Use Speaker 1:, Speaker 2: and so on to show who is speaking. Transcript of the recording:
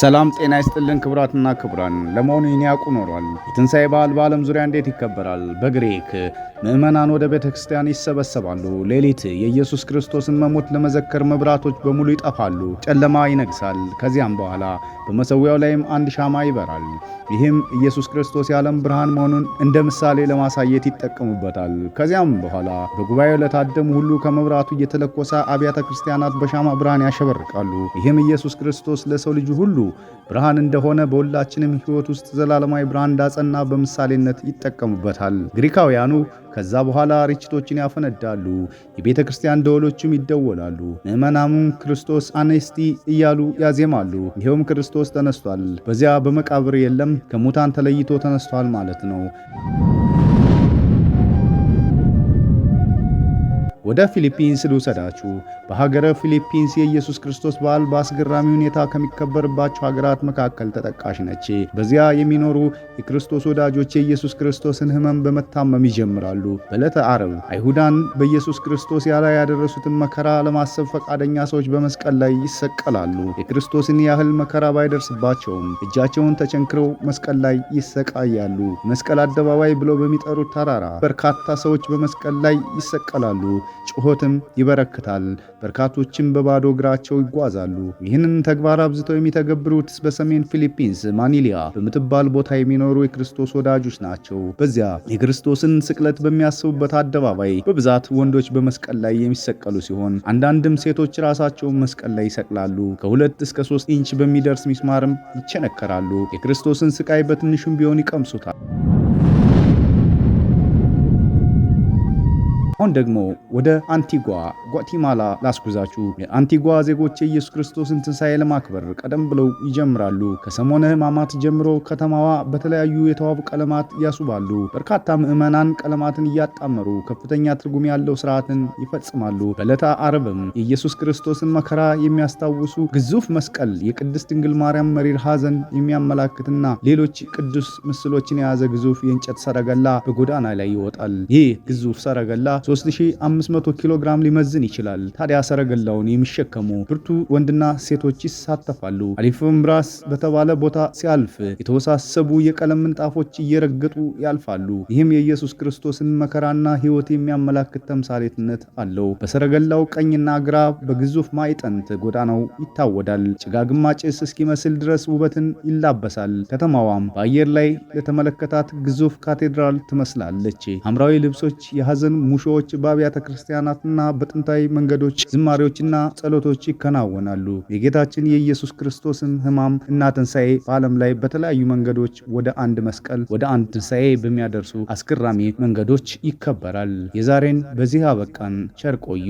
Speaker 1: ሰላም ጤና ይስጥልን ክቡራትና ክቡራን፣ ለመሆኑ ይህን ያውቁ ኖሯል? የትንሣኤ በዓል በዓለም ዙሪያ እንዴት ይከበራል? በግሪክ ምዕመናን ወደ ቤተ ክርስቲያን ይሰበሰባሉ። ሌሊት የኢየሱስ ክርስቶስን መሞት ለመዘከር መብራቶች በሙሉ ይጠፋሉ፣ ጨለማ ይነግሳል። ከዚያም በኋላ በመሠዊያው ላይም አንድ ሻማ ይበራል። ይህም ኢየሱስ ክርስቶስ የዓለም ብርሃን መሆኑን እንደ ምሳሌ ለማሳየት ይጠቀሙበታል። ከዚያም በኋላ በጉባኤው ለታደሙ ሁሉ ከመብራቱ እየተለኮሰ አብያተ ክርስቲያናት በሻማ ብርሃን ያሸበርቃሉ። ይህም ኢየሱስ ክርስቶስ ለሰው ልጅ ሁሉ ብርሃን እንደሆነ በሁላችንም ሕይወት ውስጥ ዘላለማዊ ብርሃን እንዳጸና በምሳሌነት ይጠቀሙበታል። ግሪካውያኑ ከዛ በኋላ ርችቶችን ያፈነዳሉ፣ የቤተ ክርስቲያን ደወሎችም ይደወላሉ። ምዕመናሙም ክርስቶስ አነስቲ እያሉ ያዜማሉ። ይኸውም ክርስቶስ ተነስቷል፣ በዚያ በመቃብር የለም፣ ከሙታን ተለይቶ ተነስቷል ማለት ነው። ወደ ፊሊፒንስ ልውሰዳችሁ። በሀገረ ፊሊፒንስ የኢየሱስ ክርስቶስ በዓል በአስገራሚ ሁኔታ ከሚከበርባቸው ሀገራት መካከል ተጠቃሽ ነች። በዚያ የሚኖሩ የክርስቶስ ወዳጆች የኢየሱስ ክርስቶስን ሕመም በመታመም ይጀምራሉ። በዕለተ ዓርብ አይሁዳን በኢየሱስ ክርስቶስ ያላ ያደረሱትን መከራ ለማሰብ ፈቃደኛ ሰዎች በመስቀል ላይ ይሰቀላሉ። የክርስቶስን ያህል መከራ ባይደርስባቸውም እጃቸውን ተቸንክረው መስቀል ላይ ይሰቃያሉ። መስቀል አደባባይ ብለው በሚጠሩት ተራራ በርካታ ሰዎች በመስቀል ላይ ይሰቀላሉ። ጩኸትም ይበረክታል። በርካቶችም በባዶ እግራቸው ይጓዛሉ። ይህንን ተግባር አብዝተው የሚተገብሩት በሰሜን ፊሊፒንስ ማኒሊያ በምትባል ቦታ የሚኖሩ የክርስቶስ ወዳጆች ናቸው። በዚያ የክርስቶስን ስቅለት በሚያስቡበት አደባባይ በብዛት ወንዶች በመስቀል ላይ የሚሰቀሉ ሲሆን አንዳንድም ሴቶች ራሳቸውን መስቀል ላይ ይሰቅላሉ። ከሁለት እስከ ሶስት ኢንች በሚደርስ ሚስማርም ይቸነከራሉ። የክርስቶስን ስቃይ በትንሹም ቢሆን ይቀምሱታል። አሁን ደግሞ ወደ አንቲጓ ጓቲማላ ላስጉዛችሁ። የአንቲጓ ዜጎች የኢየሱስ ክርስቶስን ትንሣኤ ለማክበር ቀደም ብለው ይጀምራሉ። ከሰሞነ ሕማማት ጀምሮ ከተማዋ በተለያዩ የተዋቡ ቀለማት ያስውባሉ። በርካታ ምዕመናን ቀለማትን እያጣመሩ ከፍተኛ ትርጉም ያለው ስርዓትን ይፈጽማሉ። በዕለተ አረብም የኢየሱስ ክርስቶስን መከራ የሚያስታውሱ ግዙፍ መስቀል፣ የቅድስት ድንግል ማርያም መሪር ሐዘን የሚያመላክትና ሌሎች ቅዱስ ምስሎችን የያዘ ግዙፍ የእንጨት ሰረገላ በጎዳና ላይ ይወጣል። ይህ ግዙፍ ሰረገላ 3500 ኪሎ ግራም ሊመዝን ይችላል። ታዲያ ሰረገላውን የሚሸከሙ ብርቱ ወንድና ሴቶች ይሳተፋሉ። አሊፍ በተባለ ቦታ ሲያልፍ የተወሳሰቡ የቀለም ምንጣፎች እየረገጡ ያልፋሉ። ይህም የኢየሱስ ክርስቶስን መከራና ሕይወት የሚያመላክት ተምሳሌትነት አለው። በሰረገላው ቀኝና ግራ በግዙፍ ማዕጠንት ጎዳናው ይታወዳል። ጭጋግማ ጭስ እስኪመስል ድረስ ውበትን ይላበሳል። ከተማዋም በአየር ላይ ለተመለከታት ግዙፍ ካቴድራል ትመስላለች። ሐምራዊ ልብሶች፣ የሐዘን ሙሾዎች ሰዎች በአብያተ ክርስቲያናትና በጥንታዊ መንገዶች ዝማሬዎችና ጸሎቶች ይከናወናሉ። የጌታችን የኢየሱስ ክርስቶስን ሕማም እና ትንሣኤ በዓለም ላይ በተለያዩ መንገዶች ወደ አንድ መስቀል ወደ አንድ ትንሣኤ በሚያደርሱ አስገራሚ መንገዶች ይከበራል። የዛሬን በዚህ አበቃን። ቸር ቆዩ።